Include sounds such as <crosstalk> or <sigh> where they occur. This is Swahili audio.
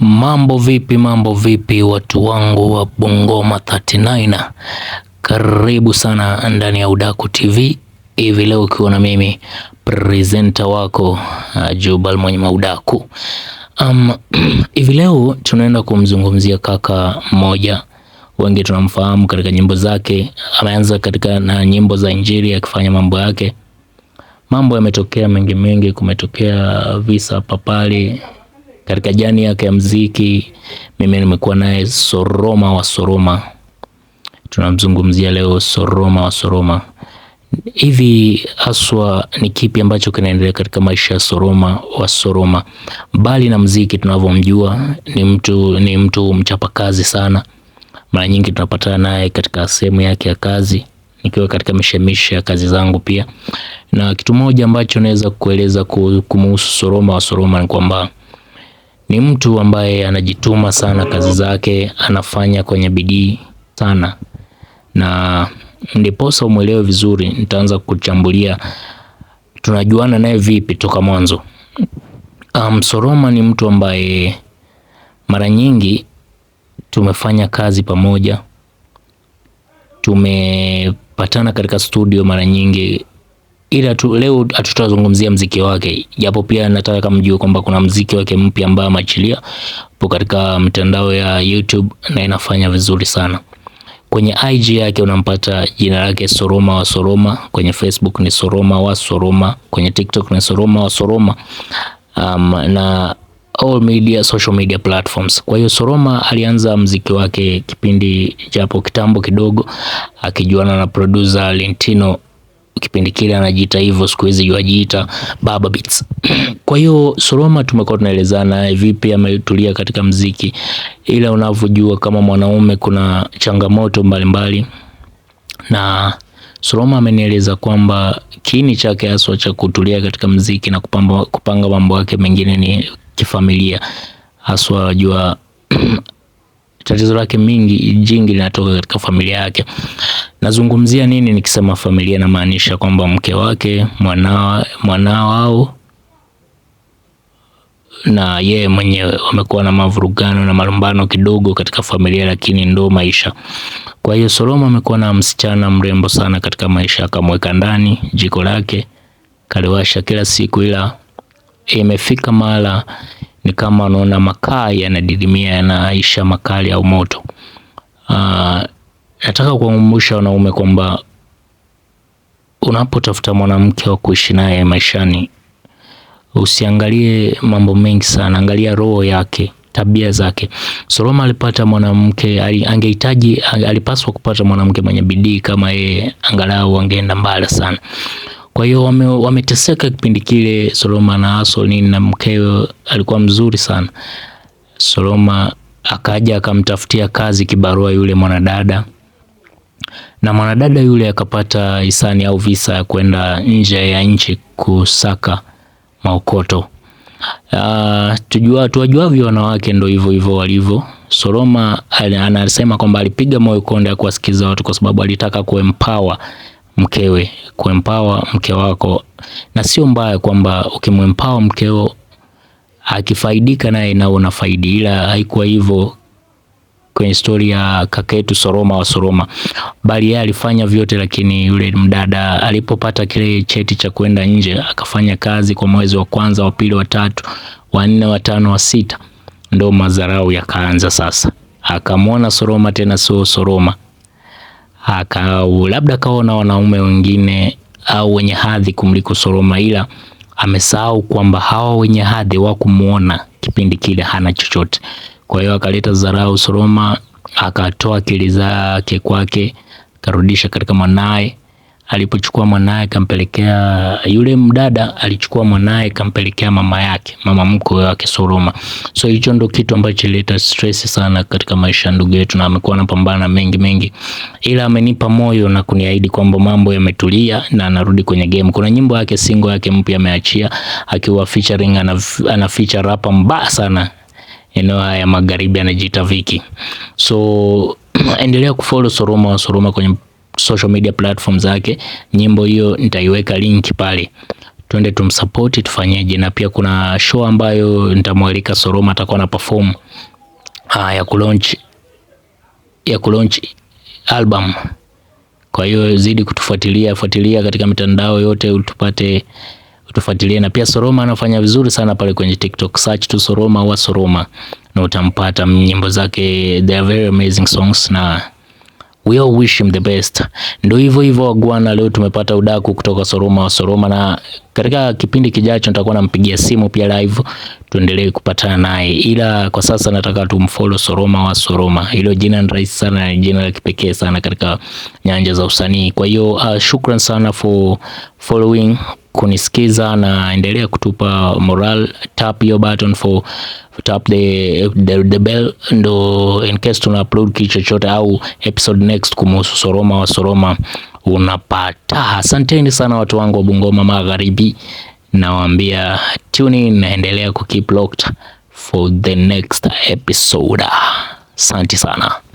Mambo vipi, mambo vipi, watu wangu wa Bungoma 39, karibu sana ndani ya Udaku TV hivi leo, ukiwa na mimi presenter wako uh, Jubal mwenye maudaku um, <clears throat> hivi. Um, leo tunaenda kumzungumzia kaka mmoja wengi tunamfahamu katika nyimbo zake. Ameanza katika na nyimbo za Injili akifanya mambo yake, mambo yametokea mengi mengi, kumetokea visa papali katika jani yake ya mziki. Mimi nimekuwa naye Soroma wa Soroma, tunamzungumzia leo Soroma wa Soroma. Hivi haswa ni kipi ambacho kinaendelea katika maisha ya Soroma wa Soroma? Mbali na mziki, tunavyomjua ni mtu, ni mtu mchapakazi sana. Mara nyingi tunapatana naye katika sehemu yake ya kazi, nikiwa katika mishemishe ya kazi zangu pia. Na kitu moja ambacho naweza kueleza kumhusu Soroma wa Soroma ni kwamba ni mtu ambaye anajituma sana kazi zake, anafanya kwenye bidii sana, na ndiposa umwelewe vizuri, nitaanza kuchambulia tunajuana naye vipi toka mwanzo. Um, Soroma ni mtu ambaye mara nyingi tumefanya kazi pamoja, tumepatana katika studio mara nyingi ila tu leo hatutazungumzia mziki wake, japo pia nataka kama mjue kwamba kuna mziki wake mpya ambaye ameachilia po katika mtandao ya YouTube na inafanya vizuri sana. Kwenye IG yake unampata jina lake Soroma wa Soroma, kwenye Facebook ni Soroma wa Soroma, kwenye TikTok ni Soroma wa Soroma um, na all media, social media platforms. Kwa hiyo Soroma alianza mziki wake kipindi japo kitambo kidogo, akijuana na producer Lentino kipindi kile anajiita hivyo, siku hizi yajiita Baba Beats. <clears throat> Kwa hiyo Soroma tumekuwa tunaelezana vipi ametulia katika mziki, ila unavyojua kama mwanaume kuna changamoto mbalimbali mbali. na Soroma amenieleza kwamba kiini chake haswa cha kutulia katika mziki na kupamba, kupanga mambo yake mengine ni kifamilia haswa jua <clears throat> tatizo lake mingi jingi linatoka katika familia yake. Nazungumzia nini nikisema familia? Namaanisha kwamba mke wake, mwanao, au na yeye mwenyewe wamekuwa na mavurugano na malumbano kidogo katika familia, lakini ndo maisha. Kwa hiyo Solomo amekuwa na msichana mrembo sana katika maisha, akamweka ndani jiko lake, kaliwasha kila siku, ila imefika mara ni kama anaona makaa yanadidimia, yanaisha makali au moto. Aa, ah, Nataka kuwakumbusha wanaume kwamba unapotafuta mwanamke wa kuishi naye maishani, usiangalie mambo mengi sana, angalia roho yake, tabia zake. Solomon alipata mwanamke, angehitaji alipaswa kupata mwanamke mwenye bidii kama yeye, angalau angeenda mbali sana. Kwa hiyo wameteseka, wame kipindi kile Solomon na nini na mkewe alikuwa mzuri sana. Solomon akaja akamtafutia kazi kibarua yule mwanadada na mwanadada yule akapata hisani au visa ya kwenda nje ya nchi kusaka maokoto. Uh, tujua tuwajuavyo wanawake ndo hivyo hivyo walivyo. Soroma anasema kwamba alipiga moyo konde ya kuwasikiza watu, kwa sababu alitaka kuempower mkewe, kuempower mke wako, na sio mbaya kwamba ukimempower mkeo akifaidika naye nao unafaidi, ila haikuwa hivyo kwenye stori ya kaka yetu Soroma wa Soroma, bali yeye alifanya vyote, lakini yule mdada alipopata kile cheti cha kwenda nje akafanya kazi kwa mwezi wa kwanza, wa pili, wa tatu, wa nne, wa tano, wa sita, ndo madharau yakaanza sasa. Akamwona Soroma tena sio Soroma, aka labda kaona wanaume wengine au wenye hadhi kumliko Soroma, ila amesahau kwamba hawa wenye hadhi wa kumuona kipindi kile hana chochote. Kwa hiyo akaleta dharau Soroma, akatoa akili zake kwake, karudisha katika mwanaye. Alipochukua mwanaye kampelekea yule mdada, alichukua mwanaye kampelekea mama yake, mama mkwe wake Soroma. So hicho ndo kitu ambacho ileta stress sana katika maisha ndugu yetu, na amekuwa anapambana mengi mengi, ila amenipa moyo na kuniahidi kwamba mambo yametulia na anarudi kwenye game. Kuna nyimbo yake single yake mpya ameachia, akiwa featuring, ana feature rapa mbaya sana eneo ya magharibi anajiita Viki. So <clears throat> endelea kufollow Soroma wa Soroma kwenye social media platform zake. Nyimbo hiyo nitaiweka link pale, twende tumsupport, tufanyeje. Na pia kuna show ambayo nitamwalika Soroma, atakuwa na perform uh, ya kulaunch ya kulaunch album. Kwa hiyo zidi kutufuatilia, fuatilia katika mitandao yote utupate tufuatilie, na pia Soroma anafanya vizuri sana pale kwenye TikTok, search tu Soroma wa Soroma na utampata nyimbo zake, they are very amazing songs na we all wish him the best. Ndio hivyo hivyo wagwana, leo tumepata udaku kutoka Soroma wa Soroma, na katika kipindi kijacho nitakuwa nampigia simu pia live, tuendelee kupatana naye, ila kwa sasa nataka tumfollow Soroma wa Soroma. Hilo jina ni rahisi sana na jina la kipekee sana katika nyanja za usanii. Kwa hiyo uh, shukran sana for following kunisikiza na endelea kutupa moral. Tap hiyo button for tap the, the, the bell ndo in case tuna upload kitu chochote au episode next kumuhusu Soroma wa Soroma unapata. Asanteni sana watu wangu wa Bungoma Magharibi, nawaambia tune in, naendelea keep locked for the next episode. Asante sana.